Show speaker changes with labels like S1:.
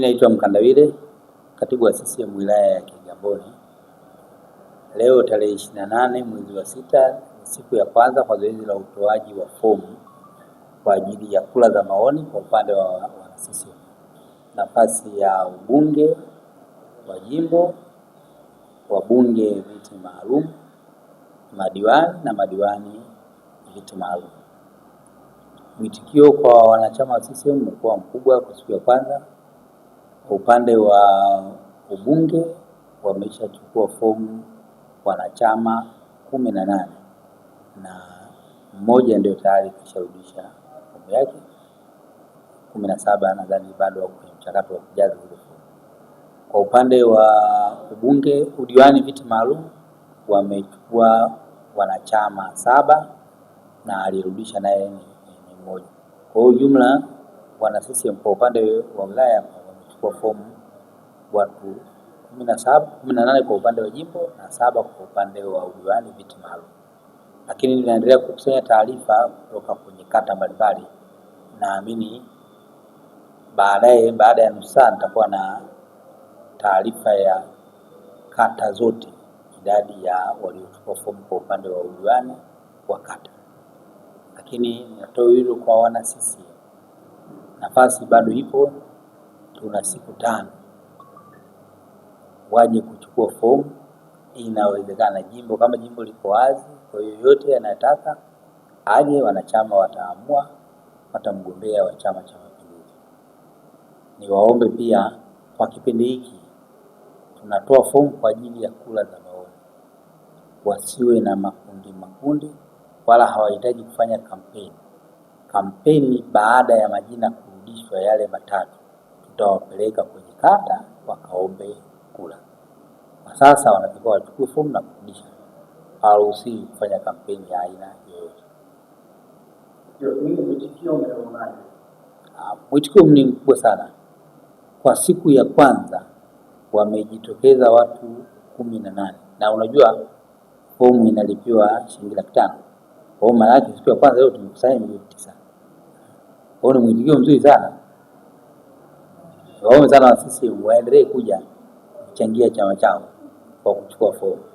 S1: Naitwa Mkandawile, katibu wa CCM wilaya ya Kigamboni. Leo tarehe ishirini na nane mwezi wa sita ni siku ya kwanza kwa zoezi la utoaji wa fomu kwa ajili ya kura za maoni kwa upande wa wanaCCM, nafasi ya ubunge wa jimbo, wabunge viti maalum, madiwani na madiwani viti maalum. Mwitikio kwa wanachama wa CCM umekuwa mkubwa kwa siku ya kwanza kwa upande wa ubunge wameshachukua fomu wanachama kumi na nane na mmoja ndio tayari kisharudisha fomu yake. kumi na saba nadhani bado kwenye mchakato wa kujaza zile fomu. Kwa upande wa ubunge, udiwani, viti maalum wamechukua wanachama saba na aliyerudisha naye ni mmoja. Kwa hiyo jumla wana CCM kwa upande wa wilaya fomu watu kumi na saba kumi na nane kwa upande wa jimbo na saba kwa upande wa udiwani viti maalum, lakini ninaendelea kukusanya taarifa kutoka kwenye kata mbalimbali. Naamini baadaye, baada ya nusu saa nitakuwa na taarifa ya kata zote, idadi ya waliochukua fomu kwa upande wa udiwani wa kata. Lakini natoa hilo kwa wana CCM, nafasi bado ipo tuna siku tano waje kuchukua fomu. Inawezekana jimbo kama jimbo liko wazi, kwa yoyote anataka aje, wanachama wataamua mgombea wa Chama cha Mapinduzi. Niwaombe pia kwa kipindi hiki tunatoa fomu kwa ajili ya kura za maoni, wasiwe na makundi makundi, wala hawahitaji kufanya kampeni. Kampeni baada ya majina kurudishwa yale matatu tutawapeleka kwenye kata wakaombe kura. Kwa sasa wanatakiwa wachukue fomu na kurudisha, haruhusi kufanya kampeni ya aina yoyote. Ah, mwitikio ni mkubwa sana. Kwa siku ya kwanza wamejitokeza watu kumi na nane na unajua fomu inalipiwa shilingi laki tano kwa hiyo maana yake siku ya kwanza leo tumekusanya milioni tisa. Kwa hiyo ni mwitikio mzuri sana. Naomba sana sisi waendelee kuja kuchangia chama chao kwa kuchukua fomu.